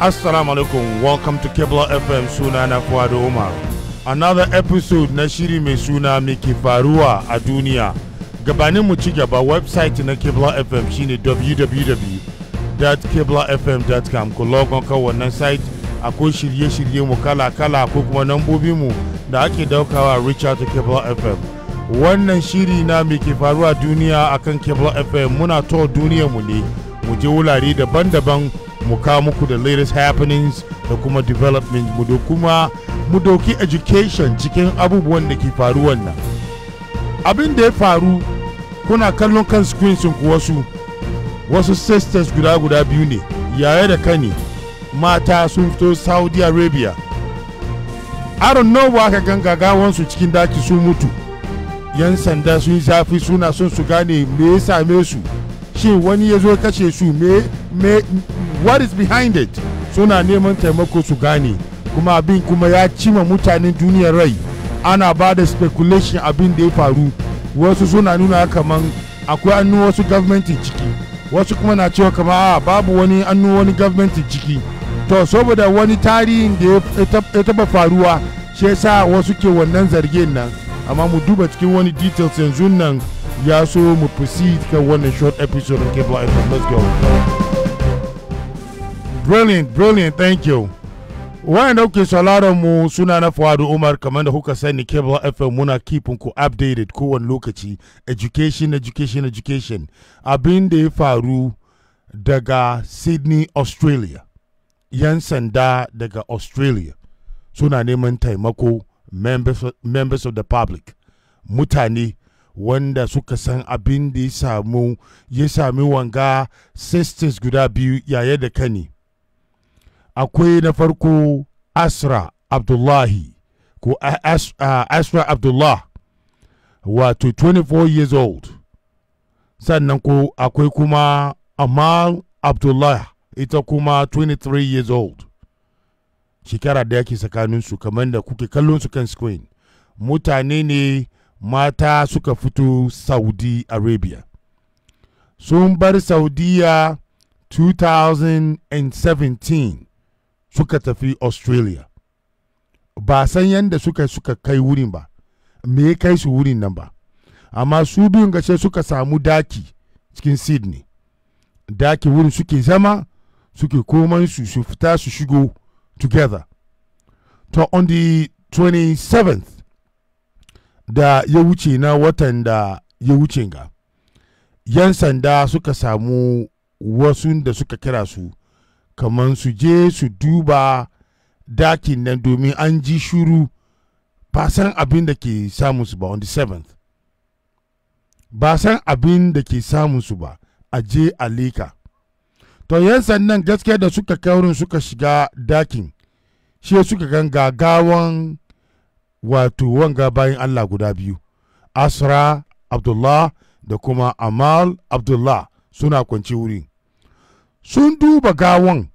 Assalamu alaikum, welcome to Kebla FM suna na Fuadu Umar. Another episode na shiri mai suna Miki Faruwa a duniya. Gabanin mu ci gaba website na Kebla FM shine www.keblafm.com ku logon kan wannan site akwai shirye-shirye mu kala-kala ko kuma nambobin mu da ake daukawa Richard Kebla FM. Wannan shiri na Miki Faruwa duniya akan Kebla FM muna to duniyarmu mu ne mu je wulare daban-daban mu kawo muku da latest happenings da kuma development mu da kuma mu doki education cikin abubuwan da ke faruwan nan abin da ya faru kuna kallon kan screen sun wasu wasu sisters guda guda biyu ne yaya da kani mata sun fito saudi arabia aron nawa aka ganga su cikin daki sun mutu yan sanda sun zafi suna son su gane me ya same su shin wani ya zo kashe su me what is behind it suna neman taimako su gane kuma abin kuma ya cima mutanen duniyar rai ana ba da speculation abin da ya faru wasu suna nuna kaman akwai annu wasu gwamnatin ciki wasu kuma na cewa kama a babu wani annu wani gwamnatin ciki to saboda wani tarihin da ya taba faruwa shi yasa wasu ke wannan zargin nan amma mu duba cikin wani details yanzu nan ya so mu proceed kan wannan short episode of Cable FM let's go brilliant brilliant thank you wayan da kuke sauraron mu suna na fawadu Umar kamar da kuka sani Cable FM muna kifin ku updated kowane lokaci education education education abin da ya faru daga Sydney Australia yan sanda daga Australia suna neman taimako members, members of the public mutane wanda suka san abin da ya ya sami wanga sisters guda biyu yaya da kani akwai na farko asra abdullahi ko asra abdullah wato 24 years old sannan ko akwai kuma amal abdullah ita kuma 23 years old shekara da yake tsakaninsu kamar da kuke kallon su kan screen mutane ne mata suka fito saudi arabia sun bar saudiya 2017 suka tafi australia ba san yadda suka suka kai wurin ba me ya kai su wurin nan ba amma su biyun gashe suka samu daki cikin sydney daki wurin suke zama suke koman su su fita su shigo together to on the 27th da ya wuce na watan da ya wuce ga yan sanda suka samu wasu da suka kira su kamar su je su duba dakin nan domin an ji shuru ba san abin da ke samun su ba on the seventh ba san abin da ke samun su ba a je a leka to yan sannan gaskiya da suka kaurin suka shiga dakin shi suka gan gagawan wato wanga bayan Allah guda biyu asra abdullah da kuma amal abdullah suna kwanci wurin sun duba gawon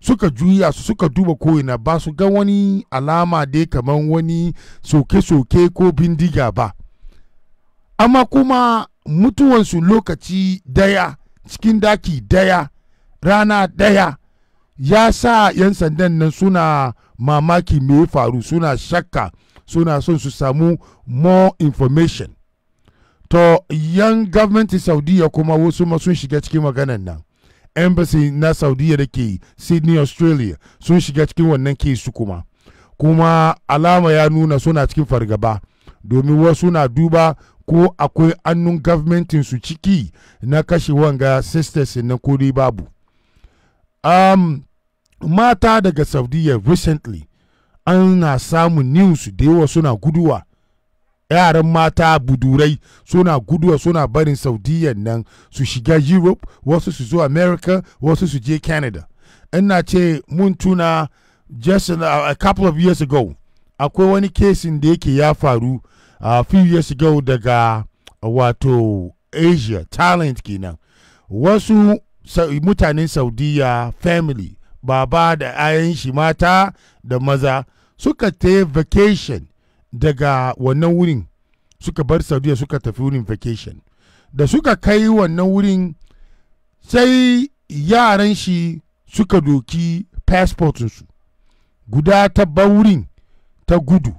suka juya su suka duba ko'ina ba su ga wani alama dai kamar wani soke-soke ko bindiga ba amma kuma mutuwansu lokaci daya cikin daki daya rana daya ya sa 'yan sandan nan suna mamaki mai faru suna shakka suna son su samu more information to yan gwamnati saudiya kuma wasu sun shiga cikin maganan nan embassy na saudiya da ke sydney australia sun shiga cikin wannan kesu kuma kuma alama ya nuna suna cikin fargaba domin wasu na duba ko akwai annun gavmentin su ciki na kashe wanga sisters na kuri babu um, mata daga saudiya recently ana samun news da yawa suna guduwa yaran mata budurai suna guduwa suna barin saudiya nan su shiga europe wasu su zo america wasu su je canada ina ce mun tuna just a, a couple of years ago akwai wani kesin da yake ya faru a uh, few years ago daga wato asia talent kenan wasu sa, mutanen saudiya family baba da ayan shi mata da maza suka ta vacation daga wannan wurin suka bar saudiya suka tafi wurin vacation da suka kai wannan wurin sai yaran shi suka doki passportinsu guda ta wurin ta gudu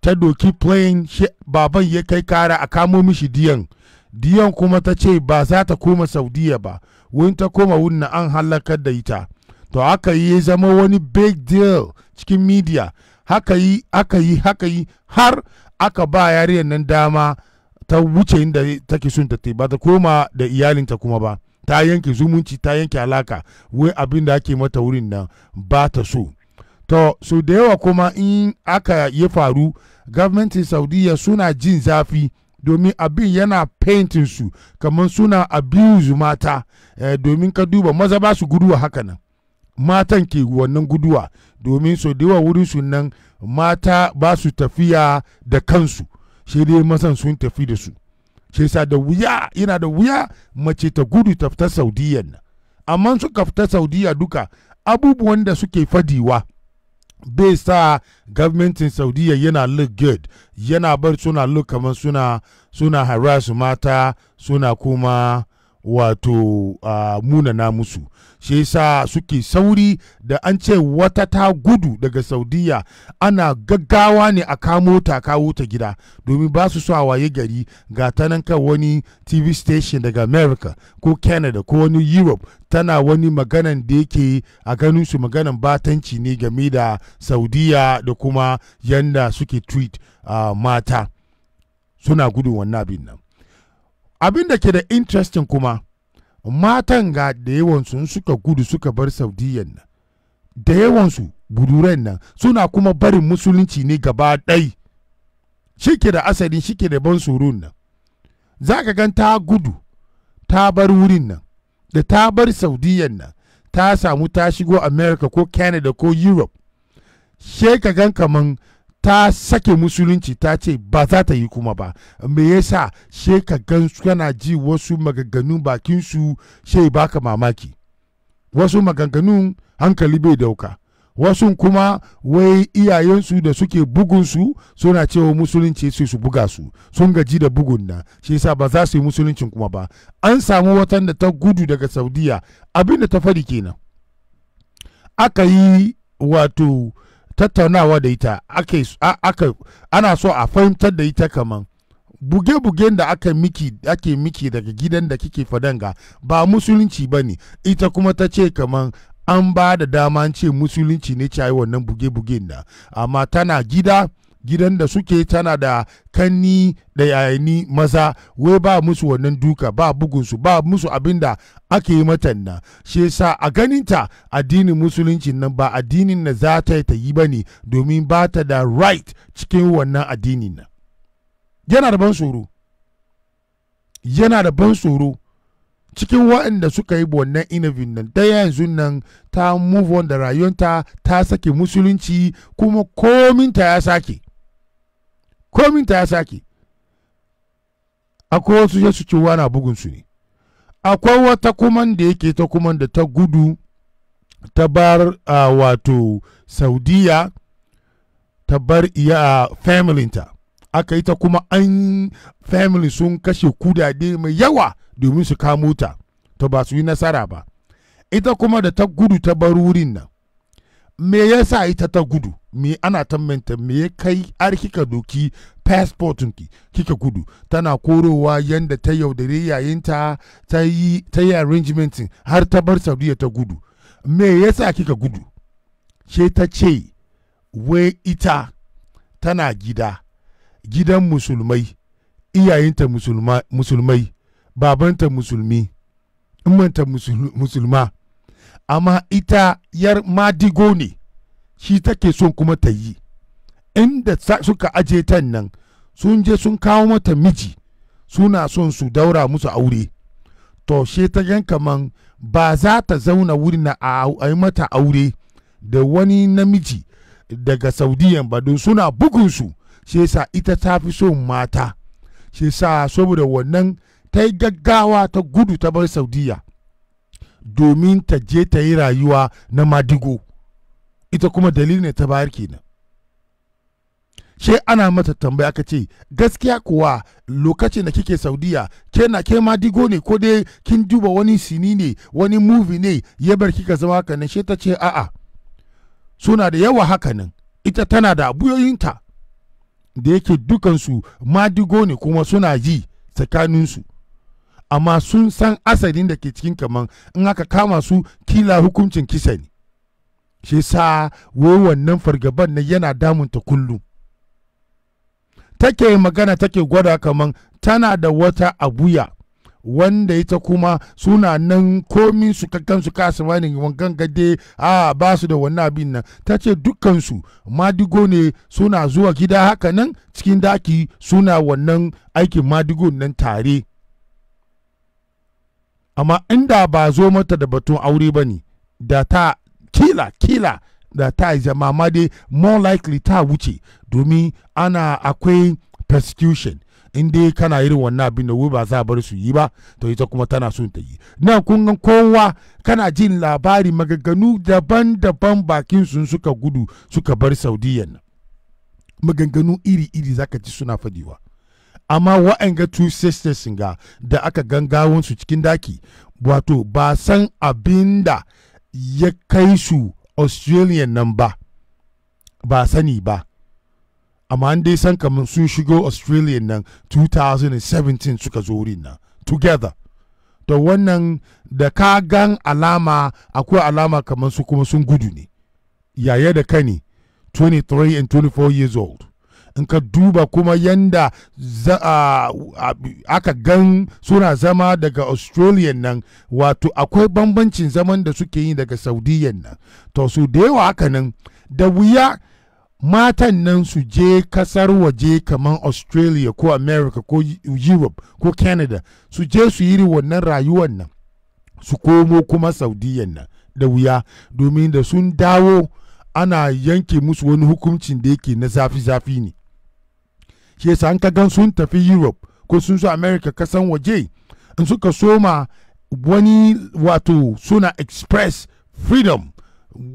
ta doki plane baban ya kai kara a kamo mishi diyan diyan kuma ta ce ba za ta koma saudiya ba wani ta koma wunna an halakar da ita to aka yi zama wani big deal cikin media haka yi aka yi haka yi har aka ba yariyar nan dama ta wuce inda take sun ta ba ta koma da iyalinta kuma ba ta yanke zumunci ta yanke alaka wai abin da ake mata wurin nan ba ta so to so da yawa kuma in aka ya faru gwamnatin saudiya suna jin zafi domin abin yana painting su kamar suna abuse mata eh, domin ka duba maza ba su guduwa haka nan matan ke wannan guduwa domin so da yawa wurin su mata ba su tafiya da kansu shi dai masan sun tafi da su shi yasa da wuya yana da wuya mace ta gudu ta fita saudiya nan amma suka fita saudiya duka abubuwan da suke fadiwa bai sa gwamnatin saudiya yana look good yana bar suna look kamar suna suna harass mata suna kuma wato uh, munana musu shi yasa suke sauri da an ce wata ta gudu daga saudiya ana gaggawa ne a kamo ta kawo ta gida domin ba su so waye gari ga ta nan kan wani tv station daga america ko canada ko wani europe tana wani maganan da yake a ganin su maganan batanci ne game da saudiya da kuma yanda suke tweet uh, mata suna gudun wannan abin nan abin da ke da interesting kuma matan ga da yawansu suka gudu suka bar saudiyan nan da yawansu buduren nan suna kuma barin musulunci ne gaba ɗai shi ke da asalin shi ke da ban tsoron nan za ka gan ta gudu ta bar wurin nan da ta bar saudiyan nan ta samu ta shigo america ko canada ko europe shi ka gan kaman ta sake musulunci ta ce ba za ta yi kuma ba me yasa she ka gan kana ji wasu maganganun bakin su she baka mamaki wasu maganganun hankali bai dauka wasu kuma wai iyayensu da suke bugunsu suna cewa musulunci sai su buga su sun gaji da bugun na shi yasa ba za su yi musuluncin kuma ba an samu watan da ta gudu daga saudiya abin da ta fadi kenan aka yi wato tattaunawa da ita aka ana so a fahimtar da ita kaman buge-bugen da aka miki ake miki daga gidan da kike fadanga ba musulunci ba ne ita kuma ta ce kaman an ba da dama ce musulunci ne ci wannan buge-bugen da amma tana gida gidan da suke tana da kanni da yayani maza wai ba musu wannan duka ba bugunsu ba musu abinda ake yi matan nan shi yasa a ganinta addinin musulunci nan ba addinin na za ta ta yi ba ne domin ba ta da right cikin wannan addinin nan yana da ban tsoro yana da ban tsoro cikin waɗanda suka yi wannan inabin nan da yanzu nan ta move on da rayuwanta ta sake musulunci kuma kominta ya sake ta ya sake akwai wasu ya suke bugun bugunsu ne akwai wata kuman da yake ta kuman da ta gudu ta bar uh, wato saudiya ta bar iya uh, ta aka yi ta kuma an family sun kashe kudade mai yawa domin su kamo ta to ba su yi nasara ba ita kuma da ta gudu ta bar wurin nan me yasa ita ta gudu me ana tambanta me ya kai har kika doki passportin ki kika gudu tana korowa yanda ta yaudare yayin ta yi ta yi arrangement har ta bar saudiya ta gudu me yasa kika gudu ce ta ce wai ita tana gida gidan musulmai iyayenta musulmai babanta musulmi imanta musulma amma ita yar madigo ne shi take son kuma ta yi inda suka aje tan nan sun je sun kawo mata miji suna son su daura musu aure to she ta gan kaman ba za ta zauna wuri na a yi mata aure da wani namiji daga saudiyan ba don suna su shi sa ita ta fi son mata shi sa saboda wannan ta yi gaggawa ta gudu ta bar saudiya domin ta je ta yi rayuwa na madigo ita kuma dalili ne ta bayar kenan she ana mata tambaya aka ce gaskiya kuwa lokacin da kike saudiya kena ke ma digo ne ko dai kin duba wani sini ne wani muvi ne ya bar kika zama haka nan ta ce a'a suna da yawa haka nan ita tana da abuyoyinta da yake dukansu madigo ne kuma suna ji tsakaninsu amma sun san asalin da ke cikin kaman in aka kama su kila hukuncin kisa ne shi sa wai wannan fargaban na yana damun ta kullum take magana take gwada kaman tana da wata abuya wanda ita kuma suna nan komin su kakan su wani wankan gade a ba su da wannan abin nan ta ce dukkansu madigo ne suna zuwa gida haka nan cikin daki suna wannan aikin madigo nan tare amma inda ba zo mata da batun aure ba ne da ta kila kila da ta zama ma dai more likely ta wuce domin ana akwai persecution in dai kana irin wannan abin da ba za a bar su yi ba to ita kuma tana son ta yi na kun kowa kana jin labari maganganu daban-daban bakin sun suka gudu suka bar saudiyan nan maganganu iri-iri zaka ji suna fadiwa amma wa'anga two sisters ga da aka su cikin daki wato ba san abin da ya kai su australian nan ba ba sani ba amma an dai san kamar sun shigo australian nan 2017 suka zo wurin nan together to wannan da ka gan alama akwai alama kamar su kuma sun gudu ne yaya da kani 23 and 24 years old in ka duba kuma yanda aka gan suna zama daga australian nan wato akwai bambancin zaman da suke yi daga saudiya nan to su da yawa haka nan da wuya matan nan su je kasar waje kamar australia ko america ko europe ko canada su je su yi wannan rayuwar nan su komo kuma saudiyan nan da wuya domin da sun dawo ana yanke musu wani hukuncin da yake na zafi-zafi ne shi yasa an ka gan sun tafi europe ko sun su america kasan waje in suka soma wani wato suna express freedom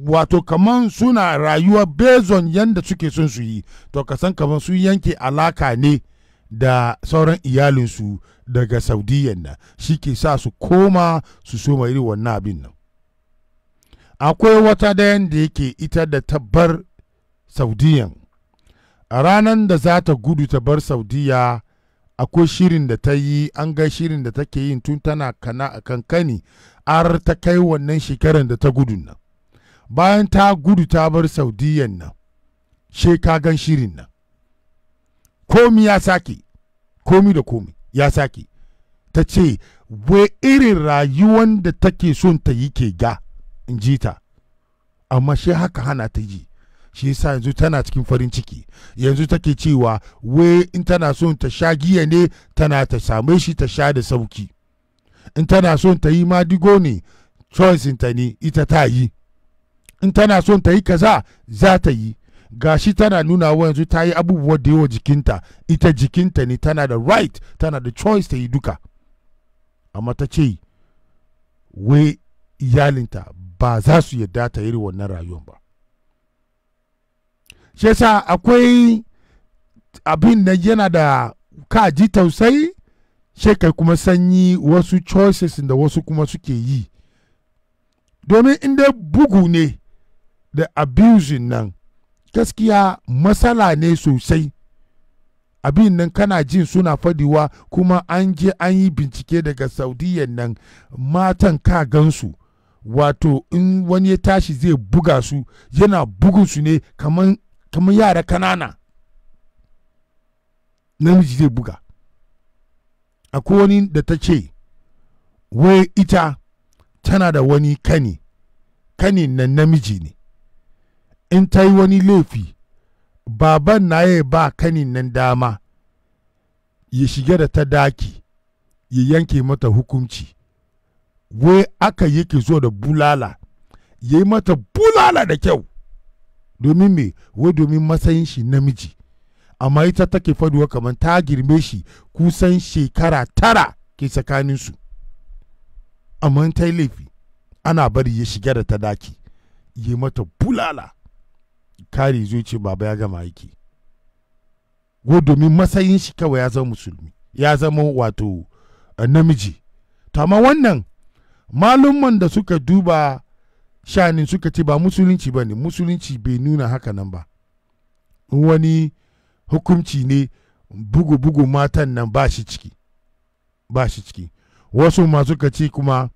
wato kaman suna rayuwa bezon yanda suke son su yi to kasan kaman sun yanke alaka ne da sauran iyalinsu daga saudiyan na shi ke sa su koma su soma iri wannan abin nan akwai wata dayan da yake ita da tabbar saudiyan a ranar da za ta gudu ta bar saudiya akwai shirin da ta yi an ga shirin da take yin tun tana kana a kankani ar ta kai wannan shekarar da ta gudu nan bayan ta gudu ta bar saudiyan nan she ka gan shirin nan komi ya sake komi da komi ya sake ta ce wai irin rayuwan da take son ta yi ke ga in ji ta amma shi haka hana ta ji shi yasa yanzu tana cikin farin ciki yanzu take cewa wai in tana so ta sha giya ne tana ta same shi ta sha da sauki in tana so ta yi madigo ne choice ta ne ita ta yi in tana so ta yi kaza za ta yi gashi tana nuna wa yanzu ta yi abubuwa da yawa jikinta ita jikinta ne tana da right tana da choice ta yi duka amma ta ce wai iyalinta ba za su yarda ta yi wannan rayuwar ba shi yasa akwai abin da yana da ka ji tausayi sai kai kuma sanyi wasu choices da wasu kuma suke yi domin inda bugu ne da abusing nan gaskiya matsala ne sosai abin nan kana jin suna fadiwa kuma an je an yi bincike daga saudiya nan matan ka gansu wato in wani ya tashi zai buga su yana bugun su ne kamar kamar yara kanana namiji zai buga akwai wani da ta ce wai ita tana da wani kani kani na namiji ne in ta yi wani laifi baban na ya ba kani nan dama ya shiga da ta daki ya yanke mata hukunci wai aka yake zo da bulala ya yi mata bulala da kyau domin me wai domin matsayin shi namiji amma ita take faduwa kamar ta girme shi kusan shekara tara ke tsakaninsu amma ta yi laifi ana bari ya shiga da ta daki yi mata bulala kare zai ce baba ya gama aiki ko domin matsayin shi kawai ya zama musulmi ya zama wato eh, namiji to amma wannan malumman da suka duba sha'anin suka ce ba musulunci ba ne musulunci bai nuna haka nan ba wani hukunci ne bugu-bugu matan nan ba shi ciki ba shi ciki wasu ma suka ce kuma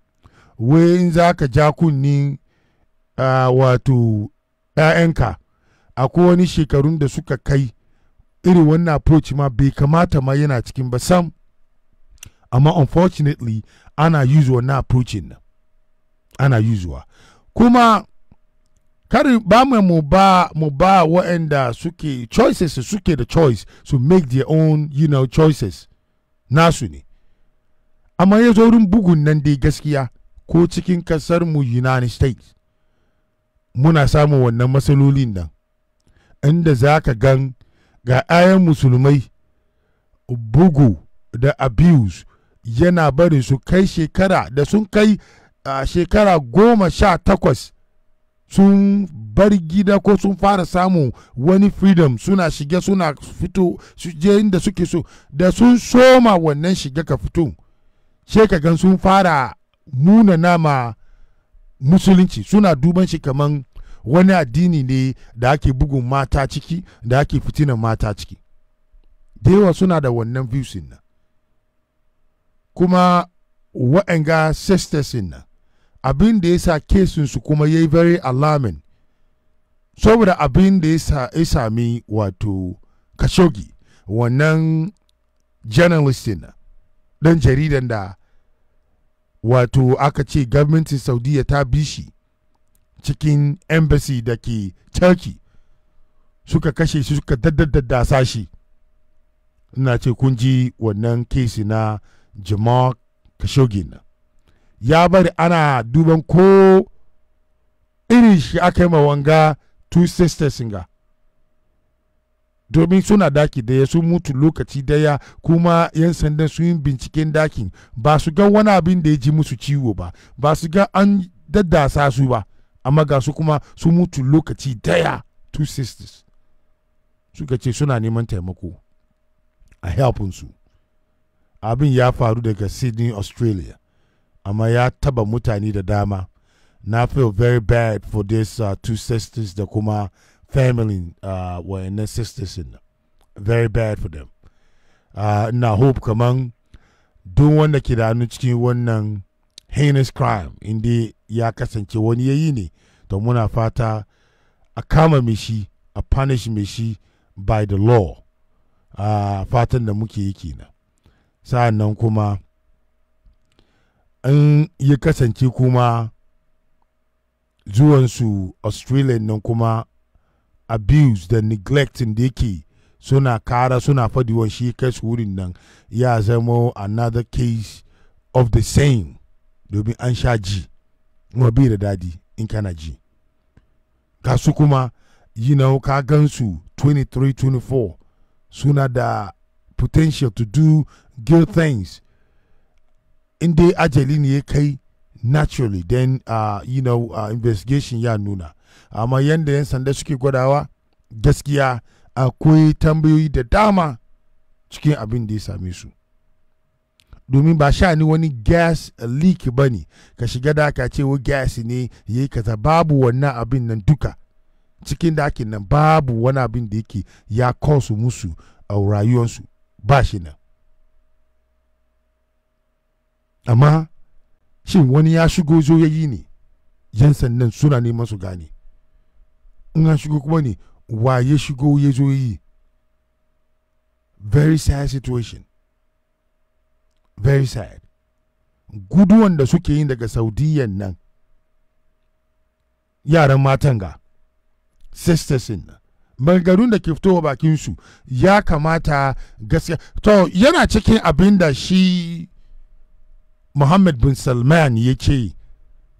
wai in za ka ja kunnin uh, wato ‘ya'yanka akwai wani shekarun da suka kai irin wannan approach ma bai kamata ma yana cikin ba sam amma unfortunately ana yuzuwa na approaching nan ana yuzuwa kuma kar ba mu ba mu ba waɗanda suke choices suke da choice su make their own you know choices nasu ne amma ya zo wurin bugun nan dai gaskiya ko cikin kasar mu United States muna samun wannan matsalolin nan inda za ka gan ga yayan musulmai bugu da abuse yana barin su kai shekara da sun kai a shekara goma sha takwas sun bar gida ko sun fara samun wani freedom suna shige suna fito su je inda suke so da sun soma wannan shiga ka fito shekagan sun fara nuna nama musulunci suna duban shi kaman wani addini ne da ake bugun mata ciki da ake fitinan mata ciki da yawa suna da wannan views nan kuma wa'anga sisters nan abin da ya sa kesinsu kuma ya yi very alarming saboda abin da ya sami wato kashogi wannan journalistin dan jaridan da wato aka ce gwamnatin saudiya ta bi shi cikin embassy da ke turkey suka kashe shi suka daddaddasa shi ina ce kun ji wannan kesi na jamal khashoggi na ya bari ana duban ko irin shi aka yi ma wanga two sisters ga domin suna daki daya sun mutu lokaci daya kuma 'yan sandan sun yi binciken dakin ba su ga wani abin da ya ji musu ciwo ba ba su ga an daddasa su ba amma ga su kuma sun mutu lokaci daya two sisters suka ce suna neman taimako a helpinsu abin ya faru daga sydney australia amma ya taba mutane da dama na feel very bad for this uh, two sisters da kuma family uh, wayannan sisters in very bad for them uh, na hope kaman duk wanda ke da hannu cikin wannan heinous crime inda ya kasance wani yayi ne to muna fata a kama mai shi a punish shi by the law uh, fatan da muke yi kenan sa'an nan kuma in ya kasance kuma zuwansu australia nan kuma abuse da neglecting da yake suna kara suna fadiwan shi kai su wurin nan ya zama another case of the same domin an sha ji ma bi da dadi in kana ji ga su kuma yi na ka gansu 23-24 suna da potential to do good things in dai ajali ne ya kai naturally then uh, you know uh, investigation ya nuna amma yadda 'yan sanda suke gwadawa gaskiya akwai tambayoyi da dama cikin abin da ya same su domin ba sha ni wani gas leak ba ne ka shiga da aka ce gas ne ya yi kaza babu wannan abin nan duka cikin dakin nan babu wani abin da yake ya kawo musu a uh, rayuwarsu ba shi nan amma shin wani ya shigo zo ya yi ne yan sandan suna neman su gane in ya shigo kuma ne wa ya shigo ya zo yi very sad situation very sad guduwan da suke yin daga saudiyan nan yaran matan ga sistersin nan bangarun da ke fitowa bakinsu ya kamata gaskiya to yana cikin abin da shi muhammad bin salman ya ce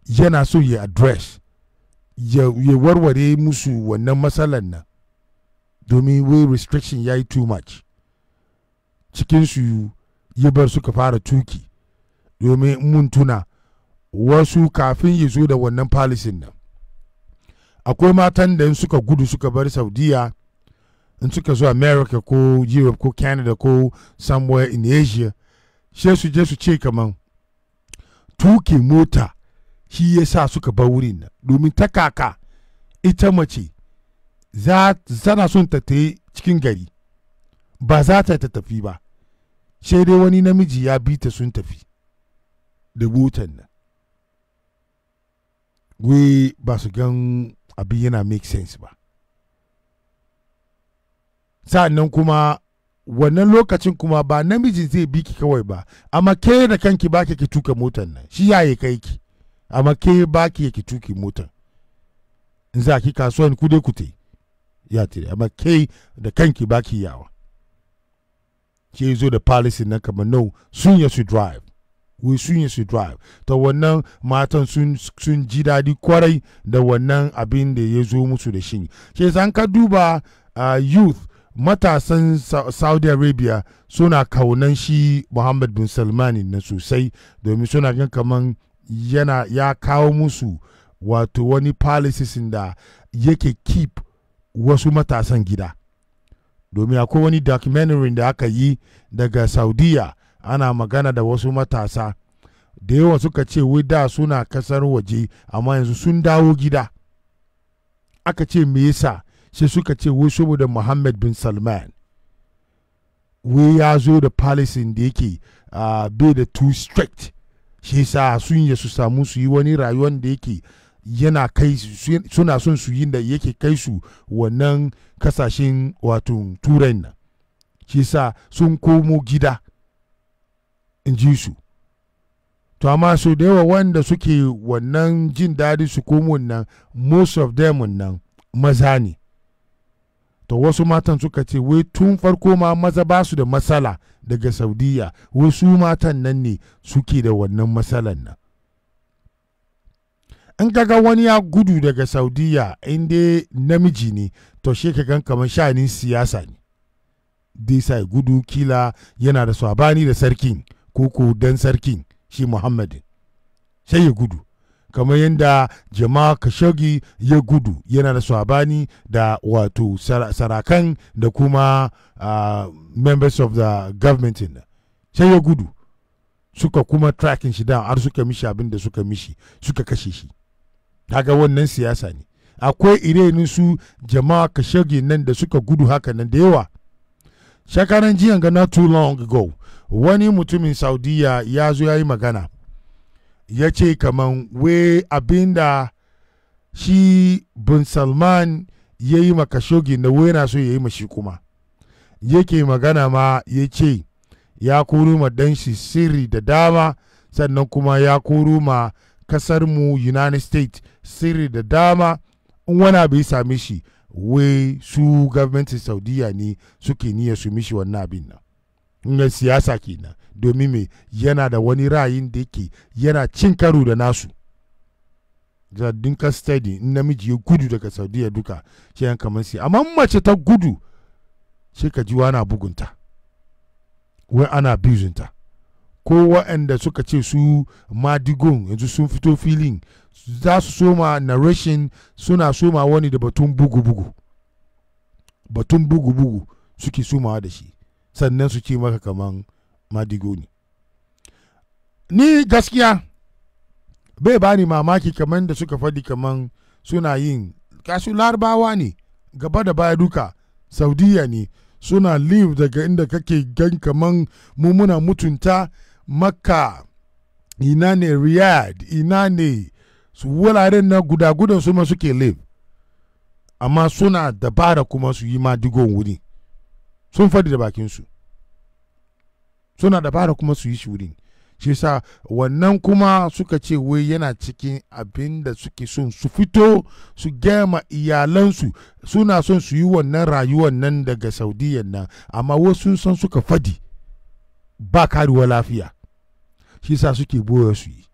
yana so ya address ya warware musu wannan matsalar nan domin way restriction ya yi too much cikinsu ya bar suka fara tuki domin mun tuna wasu kafin ya zo da wannan palisin nan akwai matan da in suka gudu suka bar saudiya in suka zo america ko europe ko canada ko somewhere in asia sai su je su ce kaman tuke mota shi ya sa suka bar wurin nan domin ta kaka ita mace tana son ta ta cikin gari ba za ta ta tafi ba sai dai wani namiji ya bi ta sun tafi da motan nan we ba su gan abin yana make sense ba sa'annan kuma wannan lokacin kuma ba namiji zai bi ki kawai ba amma ke da kanki ba ki tuka motar nan shi yi kai ki amma ke ba ki ki tuki motar in za ki kasuwan ku dai ku te ya tire amma ke da kanki ba ki yawa ke zo da policy na kamar no sun ya su drive we sun yi su drive ta wannan matan sun ji daɗi kwarai da wannan abin da ya zo musu da shi ke san ka duba uh, youth matasan saudi arabia suna kaunan shi muhammad bin salmani na sosai domin suna gan kaman yana ya kawo musu wato wani policies da yake keep wasu matasan gida domin akwai wani documentary da aka yi daga saudiya ana magana da wasu matasa da yawa suka ce wai da suna kasar waje amma yanzu sun dawo gida aka ce me yasa sai suka ce wai saboda muhammad bin salman wai ya zo da palisin da yake bai da too strict shi sa sun yi su samu su yi wani rayuwar da yake yana kai suna son su yi da yake kai su wannan kasashen wato turai nan shi sa sun komo gida in ji su to amma su da yawa wanda suke wannan jin daɗi su komo nan most of them nan maza ne to wasu matan suka ce wai tun farko ma maza ba su da matsala daga saudiya wasu matan nan ne suke da wannan matsalan nan in kaga wani ya gudu daga saudiya inda namiji ne to shi gan kamar shanin siyasa ne dai gudu kila yana da sabani da sarkin koko dan sarkin shi muhammadin sai ya gudu kamar yadda jama'a kashogi ya gudu yana da swabani da wato sarakan da kuma uh, members of the government sai ya gudu suka kuma tracking shi da har suka mishi abin da suka mishi suka kashe shi kaga wannan siyasa ne akwai irenin su jama'a kashage nan da suka gudu haka nan da yawa shakaran jiyan ga not too long ago wani mutumin saudiya ya zo ya yi magana ya ce kaman we abinda shi bin salman ya yi ma kashogi na we na so ya yi ma shi kuma yake magana ma ya ce ya koro ma dan shi sirri da dama sannan kuma ya koro ma kasar mu united states sirri da dama in wani abu ya sami shi wai su gwamnatin saudiya ne suke niyya su mishi wannan abin nan siyasa kenan domin me yana da wani ra'ayin da yake yana cin karo da nasu jaddun steady in namiji ya gudu daga saudiya duka shi yan kamar sai amma mace ta gudu sai ka ji ana bugunta wai ana bizunta ko waɗanda suka ce su madigon yanzu sun fito filin za su soma narration suna soma wani da batun bugu-bugu batun bugu-bugu suke somawa da shi sannan su ce maka kaman madigo ne ni gaskiya bai ni mamaki kamar da suka faɗi kamar suna yin kasu larabawa ne gaba da baya duka saudiya ne suna live daga inda kake gan kaman mu mutunta makka ina ne riyadh ina ne su wuraren na guda-gudan su ma suke live amma suna dabara kuma su yi ma wuri sun faɗi da bakinsu suna dabara kuma su yi shuri shi sa wannan kuma suka ce wai yana cikin abin da suke son su fito su gama iyalansu suna son su yi wannan rayuwan nan daga saudiya nan amma wasu san suka fadi ba karuwa lafiya shi sa suke boye su yi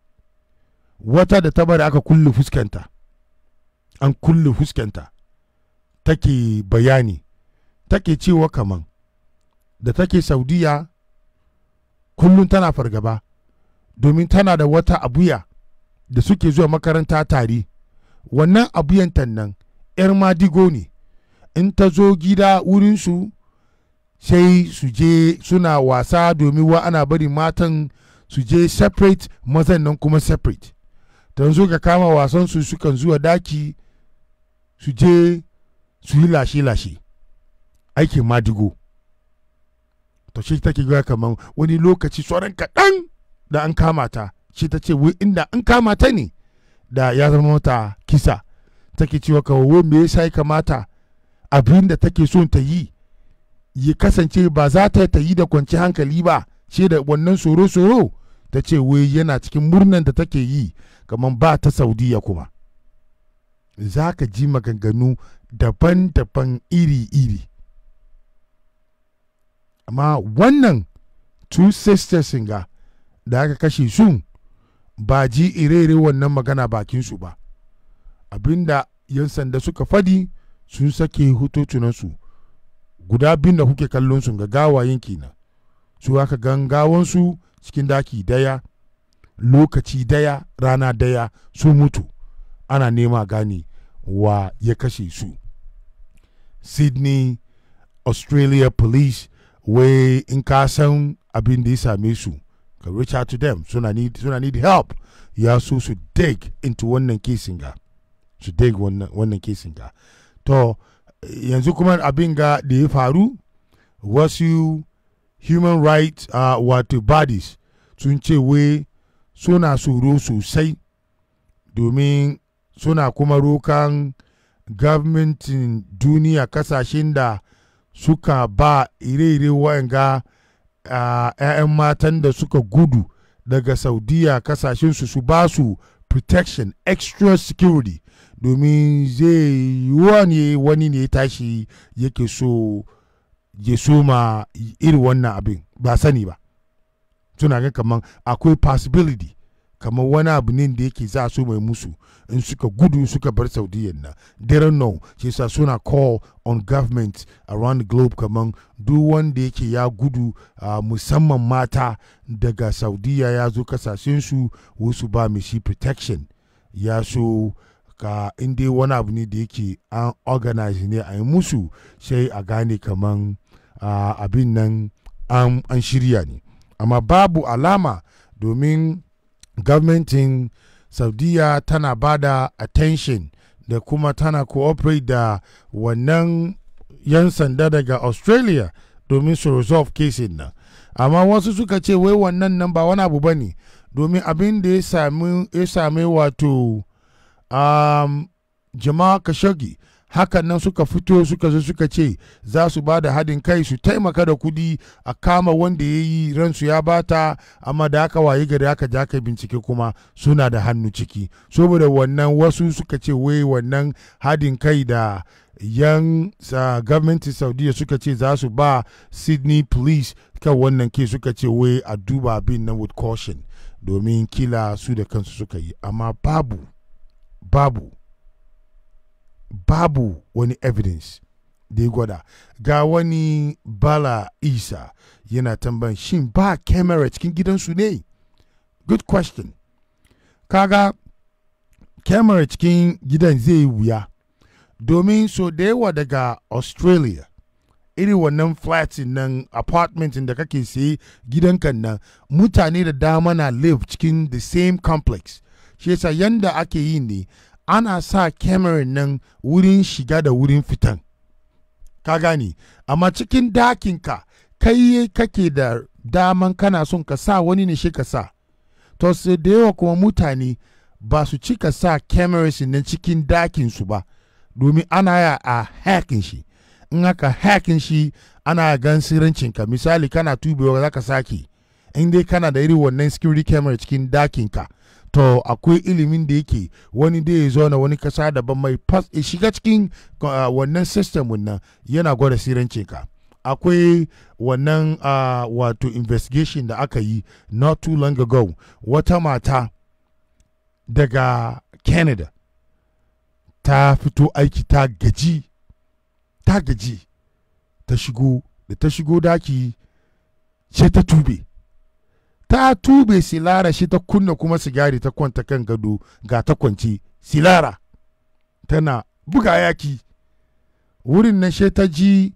wata da ta bari aka kulle fuskanta an kulle fuskanta take bayani take cewa kaman da take saudiya kullum tana fargaba domin tana da wata abuya da suke zuwa makaranta tare wannan abuyantan nan 'yar madigo ne in ta zo gida wurinsu sai su je suna wasa domin wa ana bari matan su je separate mazan nan kuma separate ta zo ka kama wasansu sukan zuwa daki su je su yi lashe-lashe aikin madigo to shi take ga kaman wani lokaci sauran kaɗan da an kama ta shi ta ce wai inda an kama ta ne da ya zama mata kisa take cewa wai me yasa ya kamata abin da take son ta yi ya kasance ba za ta ta yi da kwanci hankali ba ce da wannan soro-soro ta ce wai yana cikin murnan da take yi kamar ba ta saudiya kuma za ka ji maganganu daban-daban iri-iri amma wannan two sisters ga da aka kashe su ba ji irere wannan magana bakinsu ba abinda 'yan sanda suka fadi sun sake hutotunansu guda biyun da kuke kallon su ga gawayen kenan su aka gan gawansu cikin daki daya lokaci daya rana daya su mutu ana nema gane wa ya kashe su sydney australia police wai in ka san abin da ya same su ka reach out to them suna need, suna need help ya so su dig into wannan kesin ga su dig wannan kesin ga to yanzu kuma abin ga da ya faru wasu human rights uh, wato bodies sun ce wai suna tsoro sosai domin suna kuma rokan gwamnatin duniya kasashen da suka ba ire-ire wa'anga ‘ya'yan matan da suka gudu daga saudiya kasashensu su ba su protection extra security domin zai yi ne wani ne tashi yake so ya soma irin wannan abin ba sani ba suna ga kamar akwai possibility kamar wani abu ne da yake za su mai musu in suka gudu suka bar saudiyyar na daren nan shi sa suna call on government around the globe kamar duk wanda yake ya gudu a musamman mata daga saudiya ya zo kasashensu wasu ba mai shi protection ya so ka in dai wani abu ne da yake an organize ne a yi musu sai a gane kamar uh, abin nan an shirya ne amma babu alama domin gwamnatin saudiya tana ba da attention da kuma tana cooperate da wannan 'yan sanda daga australia domin su resolve cases nan amma wasu suka ce wai wannan nan ba wani abu ba ne domin abin da ya sami wato um, jama'a khashoggi hakan nan suka fito suka zo suka ce za su ba da hadin kai su taimaka da kuɗi a kama wanda ya yi ransu ya bata amma da aka waye gari aka ja kai bincike kuma suna da hannu ciki saboda wannan wasu suka ce wai wannan hadin kai da yan uh, gwamnatin saudiya suka ce za su ba sydney police kan wannan ke suka ce wai a duba abin na with caution domin kila su da kansu suka yi amma babu babu babu wani evidence da ya gwada ga wani bala isa yana tambayan shin ba camera cikin gidansu ne good question kaga camera cikin gidan zai wuya domin so da yawa daga australia iri wannan flat nan apartment da kake gidan kan nan mutane da dama na live cikin the same complex shi yasa yanda ake yi ne ana sa kyamarar nan wurin shiga da wurin fitan ka gane amma cikin dakinka kai kake da daman kana son ka sa wani ne shi ka sa to sai da yawa kuma mutane ba su cika sa cameras nan cikin dakinsu ba domin ana ya a hacking shi in aka hacking shi ana gan ka misali kana tubewa za ka sake in dai kana da iri wannan security camera cikin dakinka to akwai ilimin da yake wani da ya zo na wani kasa daban mai fas shiga cikin ah, wannan system nan yana gwada sirance ka akwai wannan ah, wato investigation da aka yi not too long ago wata mata daga canada ta fito aiki ta gaji ta gaji ta shigo da ta shigo daki ce ta tube ta tube silara shi ta kunna kuma sigari ta kwanta kan gado ga ta kwanci silara tana buga yaki wurin na she ta ji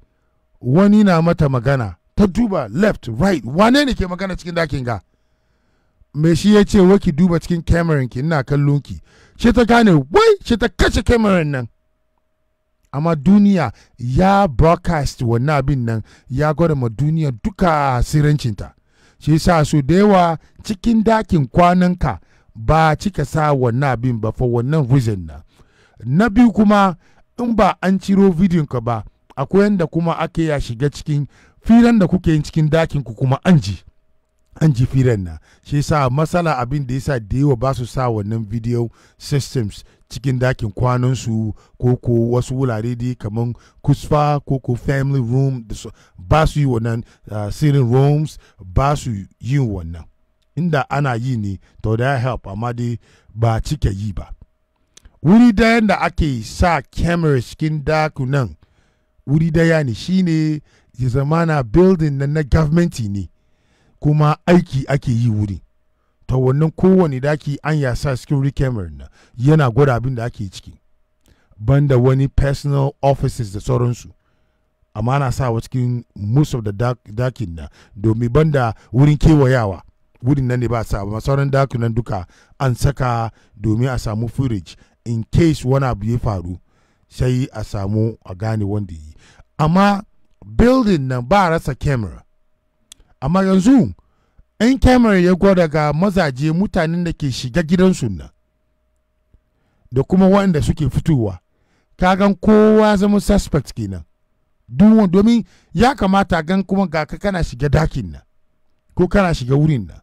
wani na mata magana ta duba left right wane ne ke magana cikin dakin ga me shi ya ce waki duba cikin cameron ki ina kallon ki she ta gane wai she ta kashe cameron nan amma duniya ya broadcast wannan abin nan ya gwada ma duniya duka sirancinta shi sa su da yawa cikin dakin kwananka ba cika sa wannan abin ba fa wannan reason na na biyu kuma in ba an ciro bidiyon ka ba akwai yanda kuma ake ya shiga cikin filan da kuke yin cikin dakin ku kuma an ji an ji jifi na shi sa matsala abin da yasa da yawa ba su sa wannan video systems cikin dakin kwanansu ko ko wasu wurare dai kamar kusfa ko ko family room ba su yi wannan sitting ah, rooms ba su yi wannan inda ana yi ne to da help amma dai ba cike yi ba wuri dayan da ake sa camera cikin dakunan wuri daya ne shine ya zama na building na na gwamnati ne kuma aiki ake yi wuri ta wannan kowane daki an ya yasa security camera na yana gwada abin da ake ciki banda wani personal offices da sauransu amma ana sa wa cikin most of the dakin na domin banda wurin kewayawa wurin nan ne ba sa amma sauran dakin nan duka an saka domin a samu footage in case wani abu ya faru sai a samu a gane wanda yi amma building nan ba rasa camera amma yanzu yan kyamar ya gwada ga mazaje mutanen da ke shiga gidansu na da kuma waɗanda suke fitowa kagan kowa zama suspect kenan duwan domin ya kamata gan kuma ga ka kana shiga dakin na ko kana shiga wurin na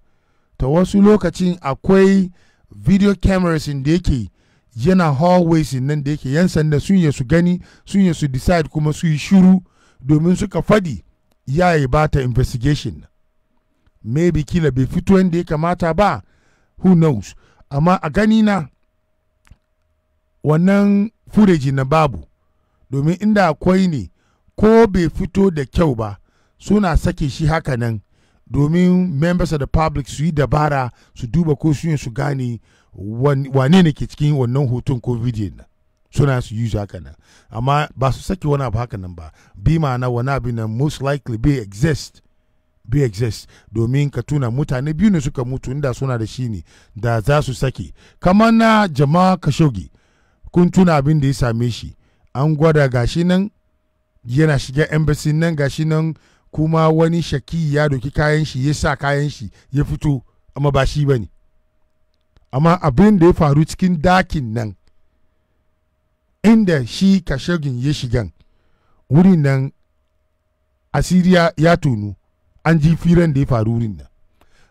ta wasu lokacin akwai video cameras da yake yana hallways nan da yake yan sanda sun yi su gani sun yi su decide kuma su yi shiru domin suka fadi ya yi ba ta investigation maybe kila bai fito yadda ya kamata ba who knows amma a gani na wannan fureji na babu domin inda akwai ne ko bai fito da kyau ba suna sake shi haka nan domin members of the public su yi dabara su duba ko su su gane wane ne ke cikin wannan hoton ko video na suna su yi haka nan amma ba su sake wani abu haka nan ba bi ma'ana wani abu na most likely be exist biyu exist domin ka tuna mutane biyu ne suka mutu inda suna da shi ne da za su sake kamar na jama'a kashogi kun tuna abin da ya same shi an gwada gashi nan yana shiga embassy nan gashi nan kuma wani shaki ya doki kayan shi ya sa kayan shi ya fito amma ba shi ba ne amma abin da ya faru cikin dakin nan inda shi kashogin ya shiga wurin nan asiriya ya tunu. an ji firen da ya faru wurin nan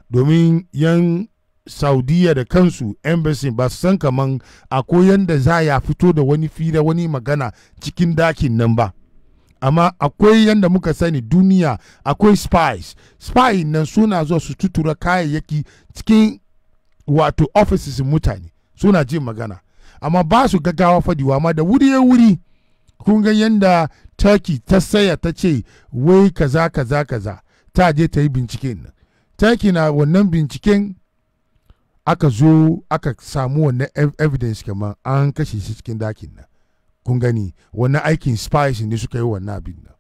domin yan saudiya da kansu embassy ba su san kaman a koyan da za ya fito da wani fira wani magana cikin dakin nan ba amma akwai yadda muka sani duniya akwai spies spy nan suna zuwa su tutura kayayyaki cikin wato offices mutane suna jin magana amma ba su gaggawa fadiwa ma da wuri ya wuri kun ga yadda turkey ta saya ta ce wai kaza kaza kaza ta je ta yi binciken nan taki na wannan binciken aka zo aka samu wannan evidence kamar an kashe shi cikin dakin nan kun gani wannan aikin spice ne suka yi wannan abin nan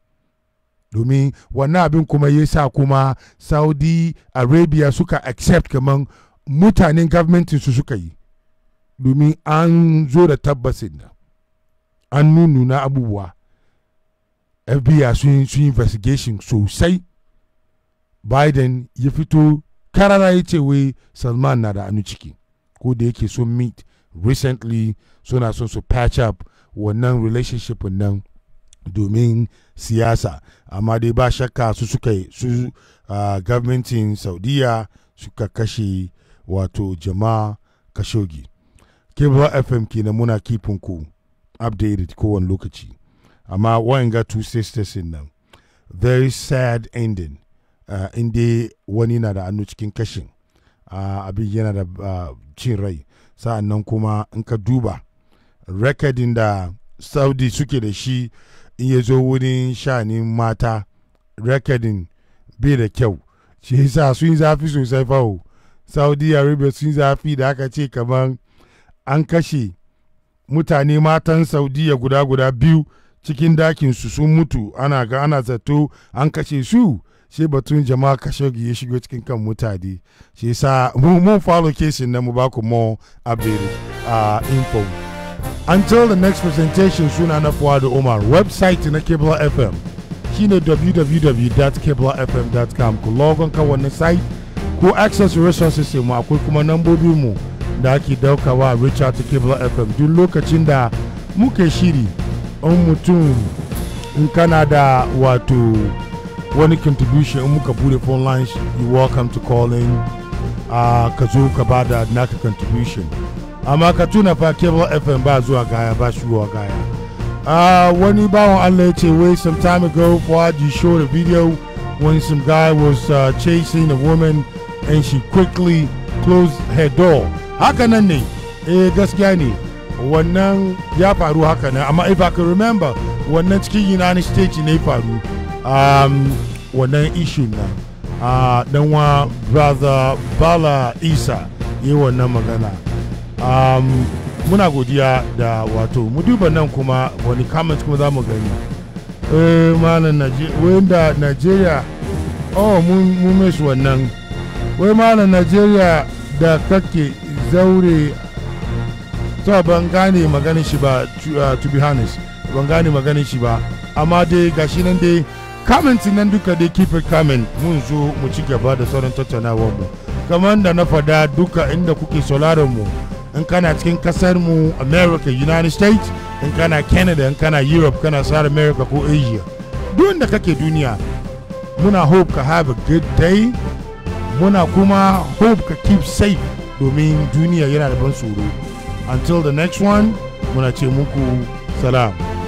domin wannan abin kuma ya sa kuma saudi arabia suka accept kamar mutanen gwamnatin su suka yi domin an zo da tabbasin nan an nuna abubuwa fbi sun yi investigation sosai biden ya fito karara ya ce wai salman na da hannu ciki ko da yake so meet recently suna so su patch up wannan relationship nan domin siyasa amma dai ba shakka su suka su uh, gwamnatin saudiya suka kashe wato jama'a kashogi kebra fm kenan muna kifin ku updated kowane lokaci amma ga two sisters nan very sad ending Eh, in dai wani na da hannu cikin kashin ah, abin yana da ah, cin rai sa'an nan kuma in ka duba rekodin da saudi suke da shi in ya zo wurin shanin mata rekodin bai da kyau shi yasa sun zafi sosai fawo saudi arabia sun zafi da aka ce kamar an kashe mutane matan saudiya guda guda biyu cikin dakin su sun mutu ana ga ana zato an kashe su shi batun jama'a kashogi ya shigo cikin kan mutane shi sa mun follow kesin na mu ba ku more a info until the next presentation suna na fuwa da umar website na kebla fm shine www.cablefm.com ku logon ka wannan site ko access resources mu akwai kuma nambobi mu da ake daukawa a richard to fm duk lokacin da muke shiri an mutum in kana da wato wani contribution in muka bude phone lines you welcome to call in uh, ka zo ka ba da naka contribution amma ka tuna fa cable fm ba zuwa gaya ba shigowa gaya uh, wani bawon allah ya ce wai some time ago fuad you showed a video when some guy was uh, chasing a woman and she quickly closed her door haka nan ne eh gaskiya ne wannan ya faru haka nan amma if i can remember wannan cikin united states ne faru um, wannan ishu na uh, wa brother bala isa yi wannan magana um, muna godiya da wato mu duba nan kuma wani comment kuma za mu gani eh, malam wanda nigeria oh mun mesu wannan wai malam nigeria da kake zaure to ban gane maganin shi ba to uh, be honest ban gane maganin shi ba amma dai gashi nan dai comments nan duka dai keep it coming mun zo mu ci gaba da sauran tattaunawar mu kamar da na fada duka inda kuke sauraron mu in kana cikin kasar mu America United States in kana Canada in kana Europe kana South America ko Asia duk inda kake duniya muna hope ka have a good day muna kuma hope ka keep safe domin duniya yana da ban tsoro until the next one muna ce muku salam